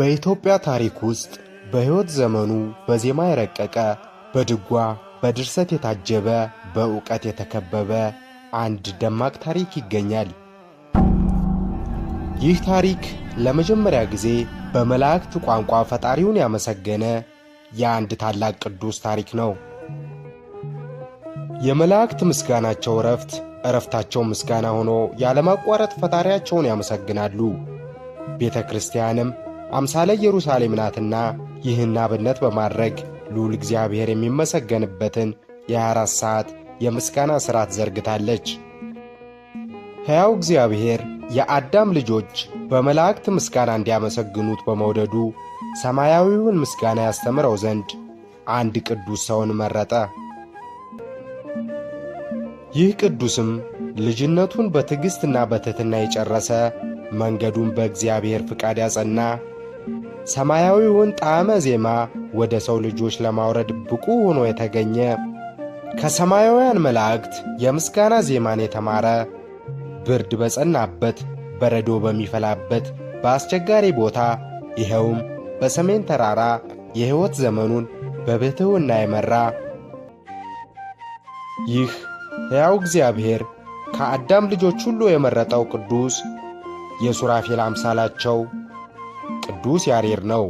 በኢትዮጵያ ታሪክ ውስጥ በሕይወት ዘመኑ በዜማ የረቀቀ በድጓ በድርሰት የታጀበ በእውቀት የተከበበ አንድ ደማቅ ታሪክ ይገኛል። ይህ ታሪክ ለመጀመሪያ ጊዜ በመላእክት ቋንቋ ፈጣሪውን ያመሰገነ የአንድ ታላቅ ቅዱስ ታሪክ ነው። የመላእክት ምስጋናቸው እረፍት እረፍታቸው ምስጋና ሆኖ ያለማቋረጥ ፈጣሪያቸውን ያመሰግናሉ። ቤተ ክርስቲያንም አምሳለ ኢየሩሳሌም ናትና ይህን አብነት በማድረግ ልዑል እግዚአብሔር የሚመሰገንበትን የ24 ሰዓት የምስጋና ሥርዓት ዘርግታለች። ሕያው እግዚአብሔር የአዳም ልጆች በመላእክት ምስጋና እንዲያመሰግኑት በመውደዱ ሰማያዊውን ምስጋና ያስተምረው ዘንድ አንድ ቅዱስ ሰውን መረጠ። ይህ ቅዱስም ልጅነቱን በትዕግሥትና በትሕትና የጨረሰ መንገዱን በእግዚአብሔር ፍቃድ ያጸና ሰማያዊውን ጣዕመ ዜማ ወደ ሰው ልጆች ለማውረድ ብቁ ሆኖ የተገኘ ከሰማያውያን መላእክት የምስጋና ዜማን የተማረ ብርድ በጸናበት በረዶ በሚፈላበት በአስቸጋሪ ቦታ ይኸውም በሰሜን ተራራ የሕይወት ዘመኑን በብሕትውና የመራ ይህ ሕያው እግዚአብሔር ከአዳም ልጆች ሁሉ የመረጠው ቅዱስ የሱራፌል አምሳላቸው ቅዱስ ያሬድ ነው።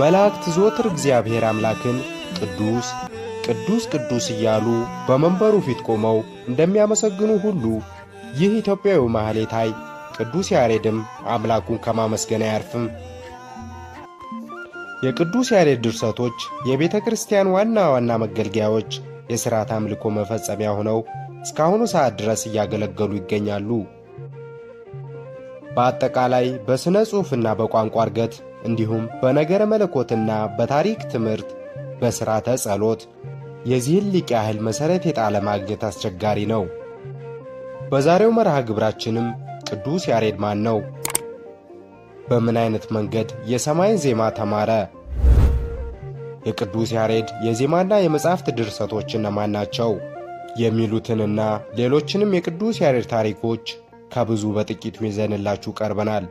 መላእክት ዞትር እግዚአብሔር አምላክን ቅዱስ ቅዱስ ቅዱስ እያሉ በመንበሩ ፊት ቆመው እንደሚያመሰግኑ ሁሉ ይህ ኢትዮጵያዊ ማኅሌታይ ቅዱስ ያሬድም አምላኩን ከማመስገን አያርፍም። የቅዱስ ያሬድ ድርሰቶች የቤተ ክርስቲያን ዋና ዋና መገልገያዎች የሥርዓት አምልኮ መፈጸሚያ ሆነው እስካሁኑ ሰዓት ድረስ እያገለገሉ ይገኛሉ። በአጠቃላይ በሥነ ጽሑፍና በቋንቋ እርገት እንዲሁም በነገረ መለኮትና በታሪክ ትምህርት በሥርዓተ ጸሎት የዚህን ሊቅ ያህል መሠረት የጣለ ማግኘት አስቸጋሪ ነው። በዛሬው መርሃ ግብራችንም ቅዱስ ያሬድ ማን ነው? በምን አይነት መንገድ የሰማይን ዜማ ተማረ? የቅዱስ ያሬድ የዜማና የመጻሕፍት ድርሰቶች እነማን ናቸው የሚሉትንና ሌሎችንም የቅዱስ ያሬድ ታሪኮች ከብዙ በጥቂቱ ይዘንላችሁ ቀርበናል።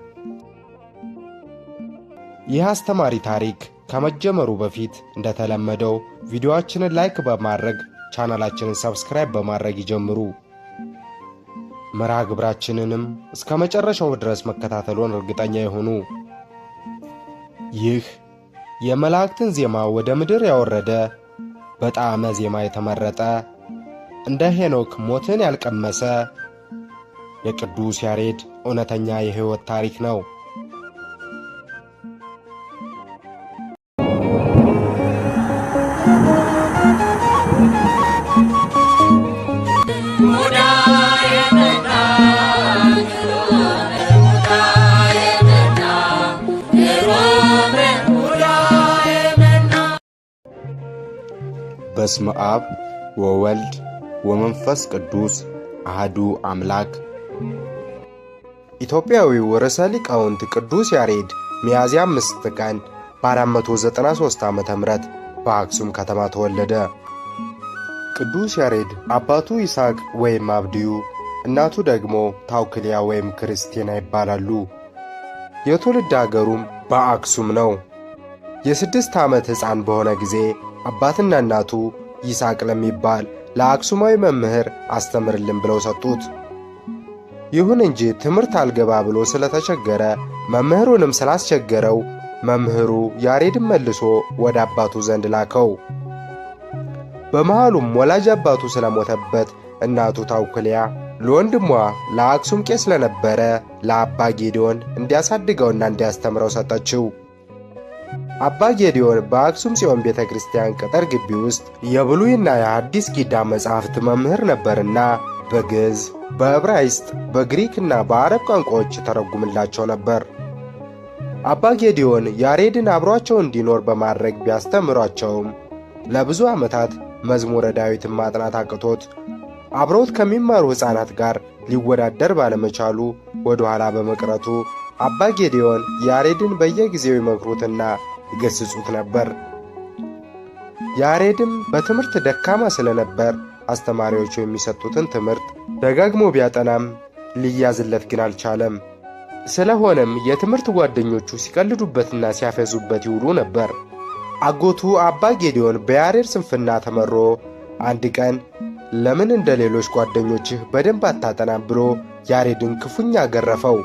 ይህ አስተማሪ ታሪክ ከመጀመሩ በፊት እንደተለመደው ቪዲዮአችንን ላይክ በማድረግ ቻናላችንን ሰብስክራይብ በማድረግ ይጀምሩ። መርሃ ግብራችንንም እስከ መጨረሻው ድረስ መከታተሉን እርግጠኛ ይሁኑ። ይህ የመላእክትን ዜማ ወደ ምድር ያወረደ በጣዕመ ዜማ የተመረጠ እንደ ሄኖክ ሞትን ያልቀመሰ የቅዱስ ያሬድ እውነተኛ የሕይወት ታሪክ ነው። በስመ አብ ወወልድ ወመንፈስ ቅዱስ አህዱ አምላክ። ኢትዮጵያዊው ርዕሰ ሊቃውንት ቅዱስ ያሬድ ሚያዝያ አምስት ቀን በ493 ዓ ም በአክሱም ከተማ ተወለደ። ቅዱስ ያሬድ አባቱ ይስሐቅ ወይም አብድዩ፣ እናቱ ደግሞ ታውክልያ ወይም ክርስቲና ይባላሉ። የትውልድ አገሩም በአክሱም ነው። የስድስት ዓመት ሕፃን በሆነ ጊዜ አባትና እናቱ ይስሐቅ ለሚባል ለአክሱማዊ መምህር አስተምርልን ብለው ሰጡት። ይሁን እንጂ ትምህርት አልገባ ብሎ ስለተቸገረ መምህሩንም ስላስቸገረው መምህሩ ያሬድን መልሶ ወደ አባቱ ዘንድ ላከው። በመሃሉም ወላጅ አባቱ ስለሞተበት እናቱ ታውክልያ ለወንድሟ ለአክሱም ቄስ ለነበረ ለአባ ጌዲዮን እንዲያሳድገውና እንዲያስተምረው ሰጠችው። አባ ጌዲዮን በአክሱም ጽዮን ቤተ ክርስቲያን ቅጥር ግቢ ውስጥ የብሉይና የአዲስ ኪዳን መጻሕፍት መምህር ነበርና በግዕዝ፣ በዕብራይስጥ፣ በግሪክና በአረብ ቋንቋዎች ተረጉምላቸው ነበር። አባ ጌዲዮን ያሬድን አብሯቸው እንዲኖር በማድረግ ቢያስተምሯቸውም ለብዙ ዓመታት መዝሙረ ዳዊትን ማጥናት አቅቶት አብረውት ከሚማሩ ሕፃናት ጋር ሊወዳደር ባለመቻሉ ወደ ኋላ በመቅረቱ አባ ጌዲዮን ያሬድን በየጊዜው ይመክሩትና ይገስጹት ነበር። ያሬድም በትምህርት ደካማ ስለነበር አስተማሪዎቹ የሚሰጡትን ትምህርት ደጋግሞ ቢያጠናም ሊያዝለት ግን አልቻለም። ስለሆነም የትምህርት ጓደኞቹ ሲቀልዱበትና ሲያፈዙበት ይውሉ ነበር። አጎቱ አባ ጌዲዮን በያሬድ ስንፍና ተመሮ አንድ ቀን ለምን እንደ ሌሎች ጓደኞችህ በደንብ አታጠናም ብሎ ያሬድን ክፉኛ ገረፈው።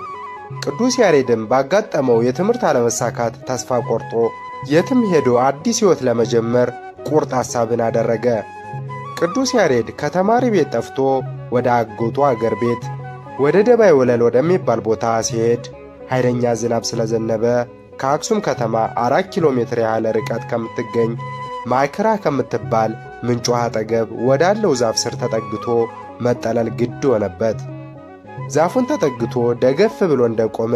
ቅዱስ ያሬድም ባጋጠመው የትምህርት አለመሳካት ተስፋ ቆርጦ የትም ሄዶ አዲስ ሕይወት ለመጀመር ቁርጥ ሐሳብን አደረገ። ቅዱስ ያሬድ ከተማሪ ቤት ጠፍቶ ወደ አጎቱ አገር ቤት ወደ ደባይ ወለል ወደሚባል ቦታ ሲሄድ ኃይለኛ ዝናብ ስለዘነበ ከአክሱም ከተማ አራት ኪሎ ሜትር ያህል ርቀት ከምትገኝ ማይክራ ከምትባል ምንጯ አጠገብ ወዳለው ዛፍ ስር ተጠግቶ መጠለል ግድ ሆነበት። ዛፉን ተጠግቶ ደገፍ ብሎ እንደቆመ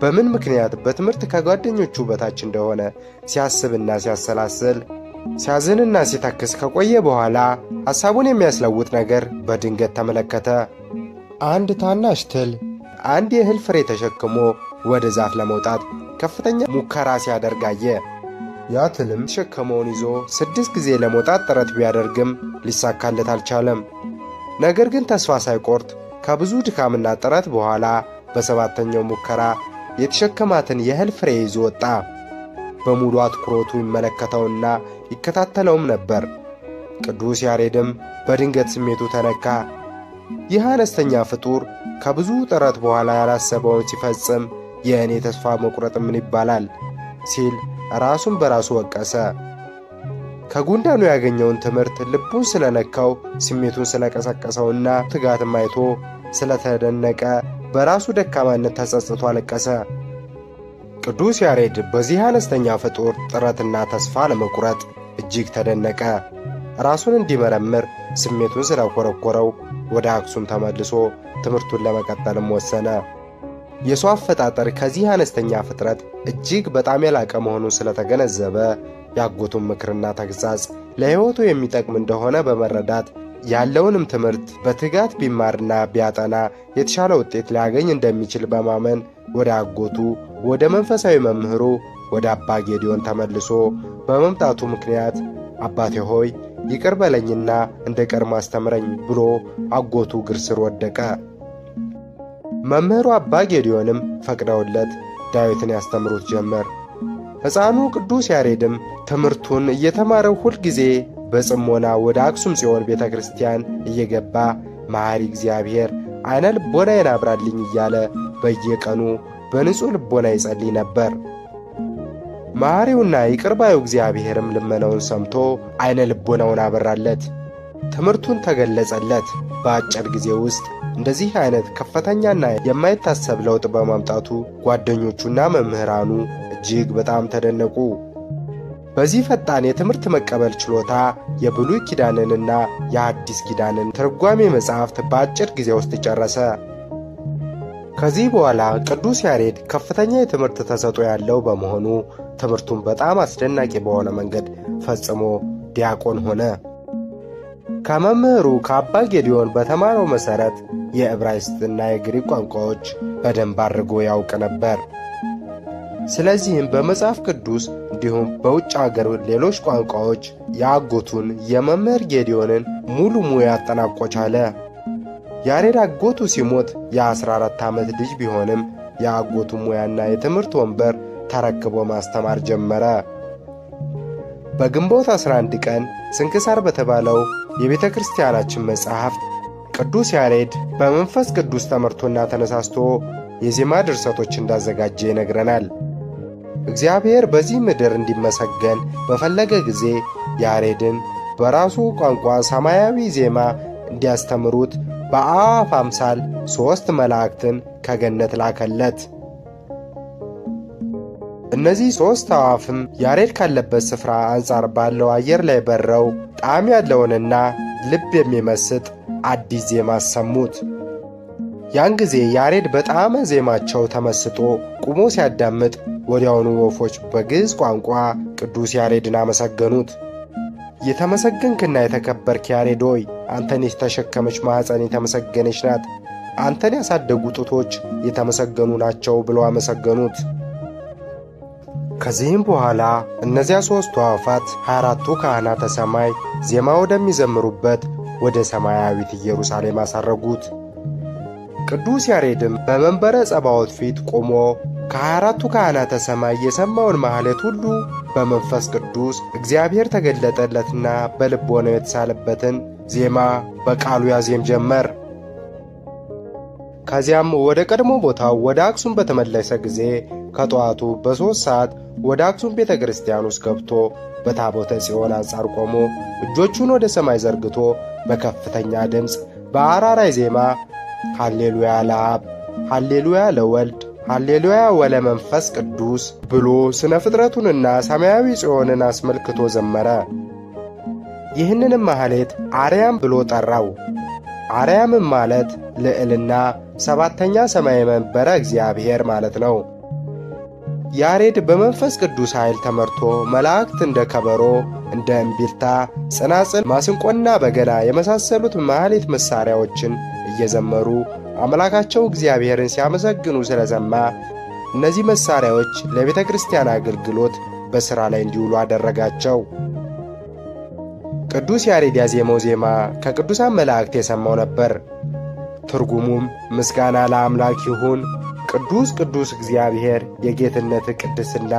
በምን ምክንያት በትምህርት ከጓደኞቹ በታች እንደሆነ ሲያስብና ሲያሰላስል ሲያዝንና ሲታክስ ከቆየ በኋላ ሐሳቡን የሚያስለውጥ ነገር በድንገት ተመለከተ። አንድ ታናሽ ትል አንድ የእህል ፍሬ ተሸክሞ ወደ ዛፍ ለመውጣት ከፍተኛ ሙከራ ሲያደርግ አየ። ያ ትልም ተሸከመውን ይዞ ስድስት ጊዜ ለመውጣት ጥረት ቢያደርግም ሊሳካለት አልቻለም። ነገር ግን ተስፋ ሳይቆርጥ ከብዙ ድካምና ጥረት በኋላ በሰባተኛው ሙከራ የተሸከማትን የእህል ፍሬ ይዞ ወጣ። በሙሉ አትኩሮቱ ይመለከተውና ይከታተለውም ነበር። ቅዱስ ያሬድም በድንገት ስሜቱ ተነካ። ይህ አነስተኛ ፍጡር ከብዙ ጥረት በኋላ ያላሰበውን ሲፈጽም የእኔ ተስፋ መቁረጥ ምን ይባላል ሲል ራሱን በራሱ ወቀሰ። ከጉንዳኑ ያገኘውን ትምህርት ልቡን ስለነካው ስሜቱን ስለቀሰቀሰውና ትጋትም አይቶ ስለተደነቀ በራሱ ደካማነት ተጸጽቶ አለቀሰ። ቅዱስ ያሬድ በዚህ አነስተኛ ፍጡር ጥረትና ተስፋ ለመቁረጥ እጅግ ተደነቀ። ራሱን እንዲመረምር ስሜቱን ስለኮረኮረው ወደ አክሱም ተመልሶ ትምህርቱን ለመቀጠልም ወሰነ። የሰው አፈጣጠር ከዚህ አነስተኛ ፍጥረት እጅግ በጣም የላቀ መሆኑን ስለተገነዘበ ያጎቱን ምክርና ተግሣጽ ለሕይወቱ የሚጠቅም እንደሆነ በመረዳት ያለውንም ትምህርት በትጋት ቢማርና ቢያጠና የተሻለ ውጤት ሊያገኝ እንደሚችል በማመን ወደ አጎቱ ወደ መንፈሳዊ መምህሩ ወደ አባ ጌዲዮን ተመልሶ በመምጣቱ ምክንያት አባቴ ሆይ ይቅር በለኝና እንደ ቀድሞ አስተምረኝ ብሎ አጎቱ እግር ስር ወደቀ። መምህሩ አባ ጌዲዮንም ፈቅደውለት ዳዊትን ያስተምሩት ጀመር። ሕፃኑ ቅዱስ ያሬድም ትምህርቱን እየተማረው ሁልጊዜ በጽሞና ወደ አክሱም ጽዮን ቤተ ክርስቲያን እየገባ መሐሪ እግዚአብሔር አይነ ልቦናዬን አብራልኝ እያለ በየቀኑ በንጹሕ ልቦና ይጸልይ ነበር። መሐሪውና ይቅርባዩ እግዚአብሔርም ልመናውን ሰምቶ አይነ ልቦናውን አበራለት፣ ትምህርቱን ተገለጸለት። በአጭር ጊዜ ውስጥ እንደዚህ አይነት ከፍተኛና የማይታሰብ ለውጥ በማምጣቱ ጓደኞቹና መምህራኑ እጅግ በጣም ተደነቁ። በዚህ ፈጣን የትምህርት መቀበል ችሎታ የብሉይ ኪዳንንና የአዲስ ኪዳንን ትርጓሜ መጻሕፍት በአጭር ጊዜ ውስጥ ጨረሰ። ከዚህ በኋላ ቅዱስ ያሬድ ከፍተኛ የትምህርት ተሰጦ ያለው በመሆኑ ትምህርቱን በጣም አስደናቂ በሆነ መንገድ ፈጽሞ ዲያቆን ሆነ። ከመምህሩ ከአባ ጌዲዮን በተማረው መሠረት የዕብራይስጥና የግሪክ ቋንቋዎች በደንብ አድርጎ ያውቅ ነበር። ስለዚህም በመጽሐፍ ቅዱስ እንዲሁም በውጭ አገር ሌሎች ቋንቋዎች የአጎቱን የመምህር ጌዲዮንን ሙሉ ሙያ አጠናቆ ቻለ። ያሬድ አጎቱ ሲሞት የ14 ዓመት ልጅ ቢሆንም የአጎቱ ሙያና የትምህርት ወንበር ተረክቦ ማስተማር ጀመረ። በግንቦት 11 ቀን ስንክሳር በተባለው የቤተ ክርስቲያናችን መጽሐፍት ቅዱስ ያሬድ በመንፈስ ቅዱስ ተመርቶና ተነሳስቶ የዜማ ድርሰቶች እንዳዘጋጀ ይነግረናል። እግዚአብሔር በዚህ ምድር እንዲመሰገን በፈለገ ጊዜ ያሬድን በራሱ ቋንቋ ሰማያዊ ዜማ እንዲያስተምሩት በአዕዋፍ አምሳል ሦስት መላእክትን ከገነት ላከለት። እነዚህ ሦስት አዋፍም ያሬድ ካለበት ስፍራ አንጻር ባለው አየር ላይ በረው ጣዕም ያለውንና ልብ የሚመስጥ አዲስ ዜማ አሰሙት። ያን ጊዜ ያሬድ በጣም ዜማቸው ተመስጦ ቁሞ ሲያዳምጥ ወዲያውኑ ወፎች በግዕዝ ቋንቋ ቅዱስ ያሬድን አመሰገኑት። የተመሰገንክና የተከበርክ ያሬድ ሆይ አንተን የተሸከመች ማኅፀን የተመሰገነች ናት፣ አንተን ያሳደጉ ጡቶች የተመሰገኑ ናቸው ብለው አመሰገኑት። ከዚህም በኋላ እነዚያ ሦስቱ አዋፋት 24ቱ ካህናተ ሰማይ ዜማ ወደሚዘምሩበት ወደ ሰማያዊት ኢየሩሳሌም አሳረጉት። ቅዱስ ያሬድም በመንበረ ጸባዖት ፊት ቆሞ ከአራቱ ካህናተ ሰማይ የሰማውን ማኅሌት ሁሉ በመንፈስ ቅዱስ እግዚአብሔር ተገለጠለትና በልቦናው የተሳለበትን ዜማ በቃሉ ያዜም ጀመር። ከዚያም ወደ ቀድሞ ቦታው ወደ አክሱም በተመለሰ ጊዜ ከጠዋቱ በሦስት ሰዓት ወደ አክሱም ቤተ ክርስቲያን ውስጥ ገብቶ በታቦተ ጽዮን አንጻር ቆሞ እጆቹን ወደ ሰማይ ዘርግቶ በከፍተኛ ድምፅ በአራራይ ዜማ ሃሌሉያ ለአብ ሃሌሉያ ለወልድ ሃሌሉያ ወለመንፈስ ቅዱስ ብሎ ስነ ፍጥረቱንና ሰማያዊ ጽዮንን አስመልክቶ ዘመረ። ይህንንም ማህሌት አርያም ብሎ ጠራው። አርያምም ማለት ልዕልና፣ ሰባተኛ ሰማይ መንበረ እግዚአብሔር ማለት ነው። ያሬድ በመንፈስ ቅዱስ ኃይል ተመርቶ መላእክት እንደ ከበሮ፣ እንደ እምቢልታ፣ ጽናጽል፣ ማስንቆና በገና የመሳሰሉት ማህሌት መሣሪያዎችን እየዘመሩ አምላካቸው እግዚአብሔርን ሲያመሰግኑ ስለሰማ እነዚህ መሣሪያዎች ለቤተ ክርስቲያን አገልግሎት በሥራ ላይ እንዲውሉ አደረጋቸው። ቅዱስ ያሬድ ያዜመው ዜማ ከቅዱሳን መላእክት የሰማው ነበር። ትርጉሙም ምስጋና ለአምላክ ይሁን ቅዱስ ቅዱስ እግዚአብሔር የጌትነት ቅድስና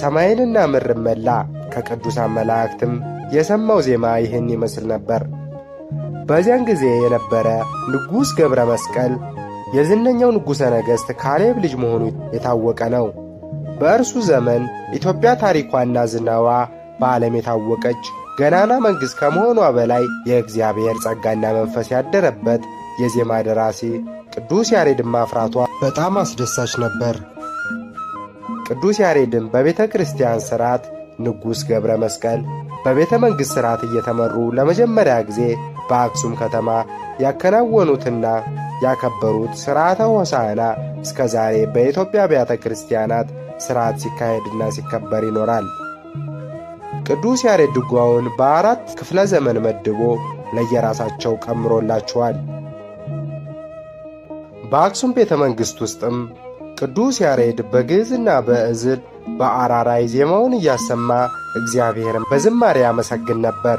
ሰማይንና ምርመላ። መላ። ከቅዱሳን መላእክትም የሰማው ዜማ ይህን ይመስል ነበር። በዚያን ጊዜ የነበረ ንጉሥ ገብረ መስቀል የዝነኛው ንጉሠ ነገሥት ካሌብ ልጅ መሆኑ የታወቀ ነው። በእርሱ ዘመን ኢትዮጵያ ታሪኳና ዝናዋ በዓለም የታወቀች ገናና መንግሥት ከመሆኗ በላይ የእግዚአብሔር ጸጋና መንፈስ ያደረበት የዜማ ደራሲ ቅዱስ ያሬድን ማፍራቷ በጣም አስደሳች ነበር። ቅዱስ ያሬድን በቤተ ክርስቲያን ሥርዓት ንጉሥ ገብረ መስቀል በቤተ መንግሥት ሥርዓት እየተመሩ ለመጀመሪያ ጊዜ በአክሱም ከተማ ያከናወኑትና ያከበሩት ሥርዓተ ሆሳዕና እስከ ዛሬ በኢትዮጵያ አብያተ ክርስቲያናት ሥርዓት ሲካሄድና ሲከበር ይኖራል። ቅዱስ ያሬድ ድጓውን በአራት ክፍለ ዘመን መድቦ ለየራሳቸው ቀምሮላችኋል። በአክሱም ቤተ መንግሥት ውስጥም ቅዱስ ያሬድ በግዕዝና በእዝል በአራራይ ዜማውን እያሰማ እግዚአብሔርን በዝማሬ ያመሰግን ነበር።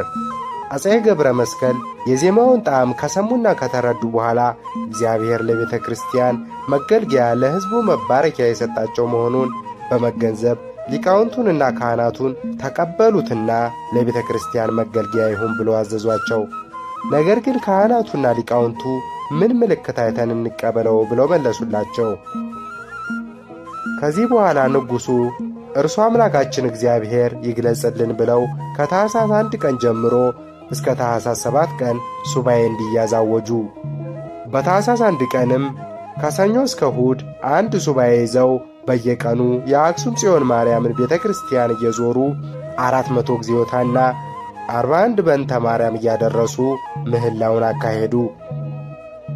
አፄ ገብረ መስቀል የዜማውን ጣዕም ከሰሙና ከተረዱ በኋላ እግዚአብሔር ለቤተ ክርስቲያን መገልገያ ለሕዝቡ መባረኪያ የሰጣቸው መሆኑን በመገንዘብ ሊቃውንቱንና ካህናቱን ተቀበሉትና ለቤተ ክርስቲያን መገልገያ ይሁን ብሎ አዘዟቸው። ነገር ግን ካህናቱና ሊቃውንቱ ምን ምልክት አይተን እንቀበለው ብለው መለሱላቸው። ከዚህ በኋላ ንጉሡ እርሱ አምላካችን እግዚአብሔር ይግለጽልን ብለው ከታኅሳስ አንድ ቀን ጀምሮ እስከ ታሕሳስ ሰባት ቀን ሱባኤ እንዲያዝ አወጁ። በታሕሳስ አንድ ቀንም ከሰኞ እስከ እሁድ አንድ ሱባኤ ይዘው በየቀኑ የአክሱም ጽዮን ማርያምን ቤተ ክርስቲያን እየዞሩ አራት መቶ 41 አርባ አንድ በንተ ማርያም እያደረሱ ምህላውን አካሄዱ።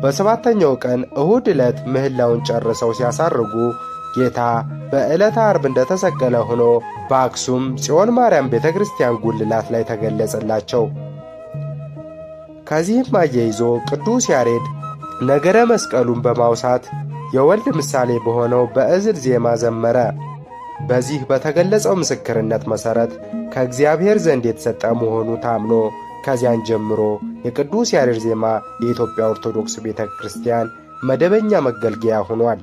በሰባተኛው ቀን እሁድ ዕለት ምህላውን ጨርሰው ሲያሳርጉ ጌታ በዕለተ አርብ እንደተሰቀለ ሆኖ በአክሱም ጽዮን ማርያም ቤተ ክርስቲያን ጉልላት ላይ ተገለጸላቸው። ከዚህም አያይዞ ቅዱስ ያሬድ ነገረ መስቀሉን በማውሳት የወልድ ምሳሌ በሆነው በእዝር ዜማ ዘመረ። በዚህ በተገለጸው ምስክርነት መሠረት ከእግዚአብሔር ዘንድ የተሰጠ መሆኑ ታምኖ ከዚያን ጀምሮ የቅዱስ ያሬድ ዜማ የኢትዮጵያ ኦርቶዶክስ ቤተ ክርስቲያን መደበኛ መገልገያ ሆኗል።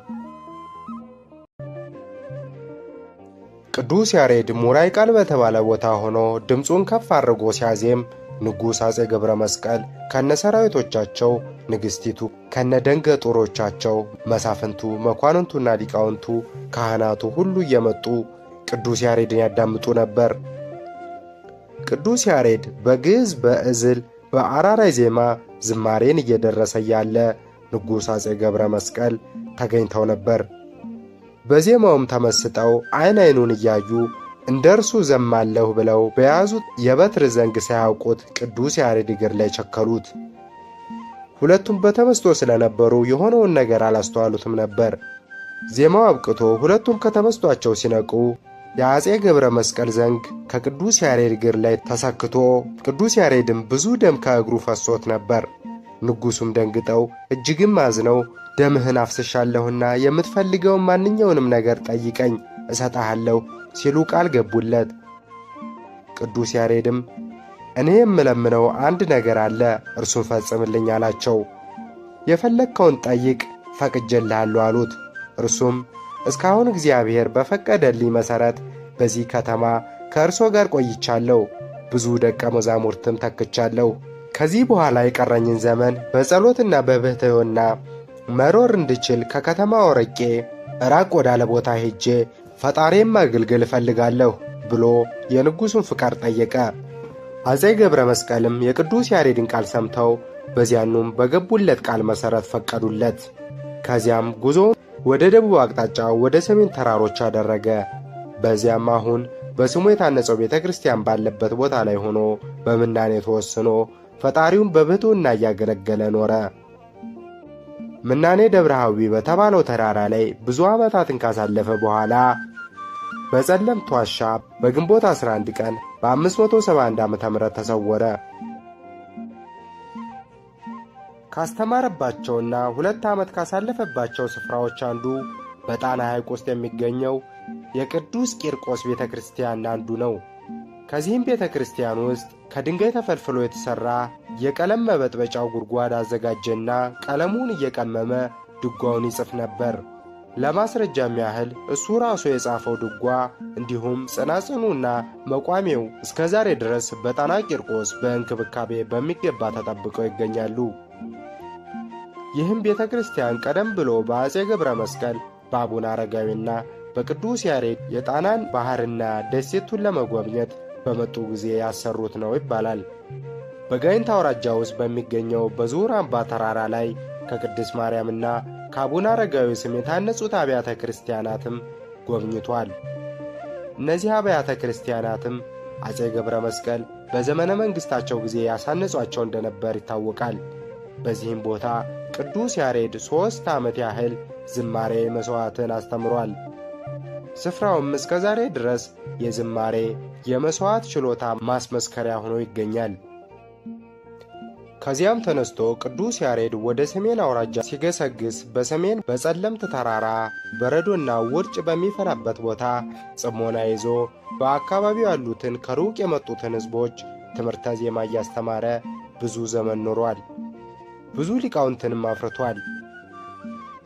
ቅዱስ ያሬድ ሙራይ ቃል በተባለ ቦታ ሆኖ ድምፁን ከፍ አድርጎ ሲያዜም ንጉሥ አፄ ገብረ መስቀል ከነ ሰራዊቶቻቸው፣ ንግሥቲቱ ከነ ደንገ ጦሮቻቸው፣ መሳፍንቱ፣ መኳንንቱና ሊቃውንቱ፣ ካህናቱ ሁሉ እየመጡ ቅዱስ ያሬድን ያዳምጡ ነበር። ቅዱስ ያሬድ በግዕዝ፣ በእዝል በአራራይ ዜማ ዝማሬን እየደረሰ ያለ ንጉሥ አፄ ገብረ መስቀል ተገኝተው ነበር። በዜማውም ተመስጠው ዐይን ዐይኑን እያዩ እንደ እርሱ ዘማለሁ ብለው በያዙት የበትር ዘንግ ሳያውቁት ቅዱስ ያሬድ እግር ላይ ቸከሉት። ሁለቱም በተመስጦ ስለነበሩ የሆነውን ነገር አላስተዋሉትም ነበር። ዜማው አብቅቶ ሁለቱም ከተመስጧቸው ሲነቁ የአፄ ገብረ መስቀል ዘንግ ከቅዱስ ያሬድ እግር ላይ ተሰክቶ ቅዱስ ያሬድም ብዙ ደም ከእግሩ ፈሶት ነበር። ንጉሡም ደንግጠው እጅግም አዝነው ደምህን አፍስሻለሁና የምትፈልገውን ማንኛውንም ነገር ጠይቀኝ እሰጠሃለሁ ሲሉ ቃል ገቡለት። ቅዱስ ያሬድም እኔ የምለምነው አንድ ነገር አለ፣ እርሱን ፈጽምልኝ አላቸው። የፈለግከውን ጠይቅ ፈቅጄልሃለሁ አሉት። እርሱም እስካሁን እግዚአብሔር በፈቀደልኝ መሠረት በዚህ ከተማ ከእርሶ ጋር ቆይቻለሁ፣ ብዙ ደቀ መዛሙርትም ተክቻለሁ። ከዚህ በኋላ የቀረኝን ዘመን በጸሎትና በብህትውና መሮር እንድችል ከከተማ ርቄ ራቅ ወዳለ ቦታ ሄጄ ፈጣሪም ማገልገል እፈልጋለሁ ብሎ የንጉሡን ፍቃድ ጠየቀ። አጼ ገብረ መስቀልም የቅዱስ ያሬድን ቃል ሰምተው በዚያኑም በገቡለት ቃል መሠረት ፈቀዱለት። ከዚያም ጉዞውን ወደ ደቡብ አቅጣጫ ወደ ሰሜን ተራሮች አደረገ። በዚያም አሁን በስሙ የታነጸው ቤተ ክርስቲያን ባለበት ቦታ ላይ ሆኖ በምናኔ ተወስኖ ፈጣሪውን በብሕትውና እያገለገለ ኖረ። ምናኔ ደብረ ሐዊ በተባለው ተራራ ላይ ብዙ ዓመታትን ካሳለፈ በኋላ በጸለምት ዋሻ በግንቦት 11 ቀን በ571 ዓ ም ተሰወረ። ካስተማረባቸውና ሁለት ዓመት ካሳለፈባቸው ስፍራዎች አንዱ በጣና ሐይቅ ውስጥ የሚገኘው የቅዱስ ቂርቆስ ቤተ ክርስቲያን አንዱ ነው። ከዚህም ቤተ ክርስቲያን ውስጥ ከድንጋይ ተፈልፍሎ የተሠራ የቀለም መበጥበጫው ጉድጓድ አዘጋጀና ቀለሙን እየቀመመ ድጓውን ይጽፍ ነበር። ለማስረጃም ያህል እሱ ራሱ የጻፈው ድጓ እንዲሁም ጽናጽኑና መቋሚያው እስከ ዛሬ ድረስ በጣና ቂርቆስ በእንክብካቤ በሚገባ ተጠብቀው ይገኛሉ። ይህም ቤተ ክርስቲያን ቀደም ብሎ በአፄ ገብረ መስቀል በአቡነ አረጋዊና በቅዱስ ያሬድ የጣናን ባሕርና ደሴቱን ለመጎብኘት በመጡ ጊዜ ያሰሩት ነው ይባላል። በጋይንት አውራጃ ውስጥ በሚገኘው በዙር አምባ ተራራ ላይ ከቅድስት ማርያምና ከአቡነ አረጋዊ ስም የታነጹት አብያተ ክርስቲያናትም ጎብኝቷል። እነዚህ አብያተ ክርስቲያናትም አፄ ገብረ መስቀል በዘመነ መንግሥታቸው ጊዜ ያሳነጿቸው እንደነበር ይታወቃል። በዚህም ቦታ ቅዱስ ያሬድ ሦስት ዓመት ያህል ዝማሬ መሥዋዕትን አስተምሯል። ስፍራውም እስከ ዛሬ ድረስ የዝማሬ የመሥዋዕት ችሎታ ማስመስከሪያ ሆኖ ይገኛል። ከዚያም ተነስቶ ቅዱስ ያሬድ ወደ ሰሜን አውራጃ ሲገሰግስ በሰሜን በጸለምት ተራራ በረዶና ውርጭ በሚፈራበት ቦታ ጽሞና ይዞ በአካባቢው ያሉትን ከሩቅ የመጡትን ሕዝቦች ትምህርተ ዜማ እያስተማረ ብዙ ዘመን ኖሯል። ብዙ ሊቃውንትንም አፍርቷል።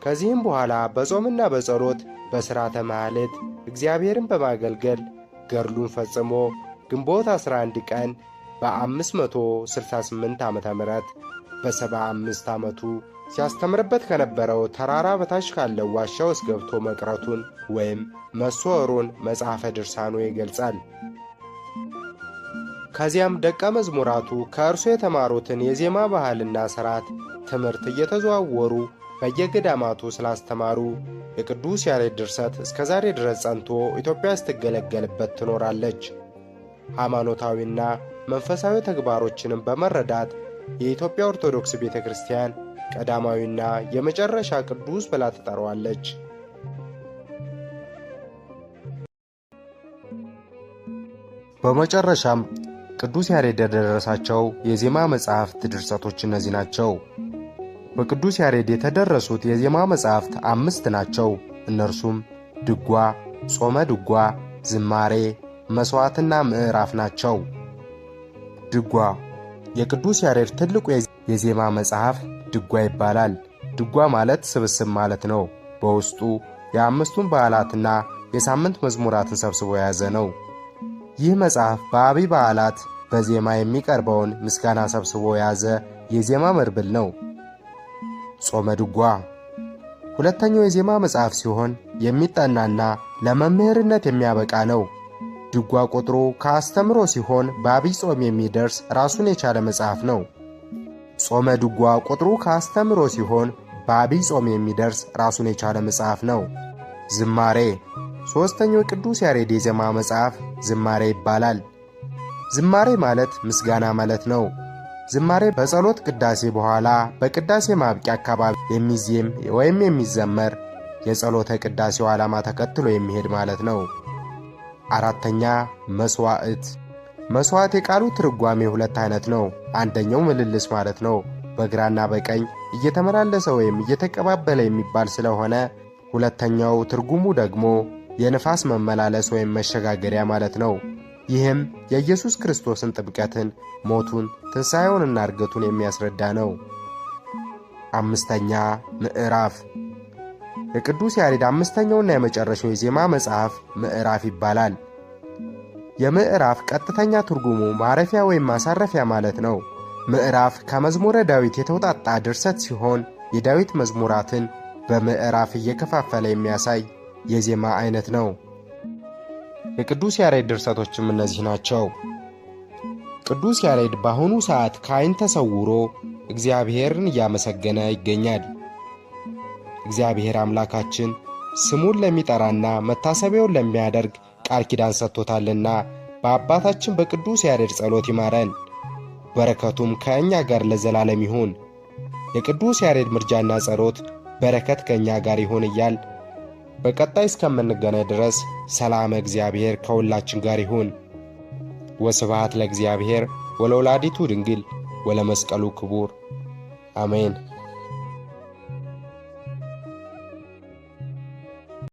ከዚህም በኋላ በጾምና በጸሎት በሥርዓተ ማኅሌት እግዚአብሔርን በማገልገል ገድሉን ፈጽሞ ግንቦት 11 ቀን በ568 ዓ ም በ75 ዓመቱ ሲያስተምርበት ከነበረው ተራራ በታች ካለው ዋሻ ውስጥ ገብቶ መቅረቱን ወይም መሰወሩን መጽሐፈ ድርሳኑ ይገልጻል። ከዚያም ደቀ መዝሙራቱ ከእርሱ የተማሩትን የዜማ ባህልና ሥርዓት ትምህርት እየተዘዋወሩ በየገዳማቱ ስላስተማሩ የቅዱስ ያሬድ ድርሰት እስከ ዛሬ ድረስ ጸንቶ ኢትዮጵያ ስትገለገልበት ትኖራለች። ሃይማኖታዊና መንፈሳዊ ተግባሮችንም በመረዳት የኢትዮጵያ ኦርቶዶክስ ቤተ ክርስቲያን ቀዳማዊና የመጨረሻ ቅዱስ ብላ ትጠራዋለች። በመጨረሻም ቅዱስ ያሬድ ያደረሳቸው የዜማ መጻሕፍት ድርሰቶች እነዚህ ናቸው። በቅዱስ ያሬድ የተደረሱት የዜማ መጻሕፍት አምስት ናቸው። እነርሱም ድጓ፣ ጾመ ድጓ፣ ዝማሬ፣ መሥዋዕትና ምዕራፍ ናቸው። ድጓ የቅዱስ ያሬድ ትልቁ የዜማ መጽሐፍ ድጓ ይባላል። ድጓ ማለት ስብስብ ማለት ነው። በውስጡ የአምስቱን በዓላትና የሳምንት መዝሙራትን ሰብስቦ የያዘ ነው። ይህ መጽሐፍ በአቢ በዓላት በዜማ የሚቀርበውን ምስጋና ሰብስቦ የያዘ የዜማ መርብል ነው። ጾመ ድጓ ሁለተኛው የዜማ መጽሐፍ ሲሆን የሚጠናና ለመምህርነት የሚያበቃ ነው። ድጓ ቁጥሩ ከአስተምሮ ሲሆን በአብይ ጾም የሚደርስ ራሱን የቻለ መጽሐፍ ነው። ጾመ ድጓ ቁጥሩ ከአስተምሮ ሲሆን በአብይ ጾም የሚደርስ ራሱን የቻለ መጽሐፍ ነው። ዝማሬ ሦስተኛው ቅዱስ ያሬድ የዜማ መጽሐፍ ዝማሬ ይባላል። ዝማሬ ማለት ምስጋና ማለት ነው። ዝማሬ በጸሎት ቅዳሴ በኋላ በቅዳሴ ማብቂያ አካባቢ የሚዜም ወይም የሚዘመር የጸሎተ ቅዳሴው ዓላማ ተከትሎ የሚሄድ ማለት ነው። አራተኛ መሥዋዕት። መሥዋዕት የቃሉ ትርጓሜ ሁለት አይነት ነው። አንደኛው ምልልስ ማለት ነው። በግራና በቀኝ እየተመላለሰ ወይም እየተቀባበለ የሚባል ስለሆነ፣ ሁለተኛው ትርጉሙ ደግሞ የንፋስ መመላለስ ወይም መሸጋገሪያ ማለት ነው። ይህም የኢየሱስ ክርስቶስን ጥምቀትን፣ ሞቱን፣ ትንሣኤውንና እርገቱን የሚያስረዳ ነው። አምስተኛ ምዕራፍ የቅዱስ ያሬድ አምስተኛውና የመጨረሻው የዜማ መጽሐፍ ምዕራፍ ይባላል። የምዕራፍ ቀጥተኛ ትርጉሙ ማረፊያ ወይም ማሳረፊያ ማለት ነው። ምዕራፍ ከመዝሙረ ዳዊት የተውጣጣ ድርሰት ሲሆን የዳዊት መዝሙራትን በምዕራፍ እየከፋፈለ የሚያሳይ የዜማ አይነት ነው። የቅዱስ ያሬድ ድርሰቶችም እነዚህ ናቸው። ቅዱስ ያሬድ በአሁኑ ሰዓት ከዓይን ተሰውሮ እግዚአብሔርን እያመሰገነ ይገኛል። እግዚአብሔር አምላካችን ስሙን ለሚጠራና መታሰቢያውን ለሚያደርግ ቃል ኪዳን ሰጥቶታልና በአባታችን በቅዱስ ያሬድ ጸሎት ይማረን፣ በረከቱም ከእኛ ጋር ለዘላለም ይሁን። የቅዱስ ያሬድ ምርጃና ጸሎት በረከት ከእኛ ጋር ይሁን እያል በቀጣይ እስከምንገናኝ ድረስ ሰላም እግዚአብሔር ከሁላችን ጋር ይሁን። ወስብሐት ለእግዚአብሔር ወለወላዲቱ ድንግል ወለመስቀሉ ክቡር አሜን።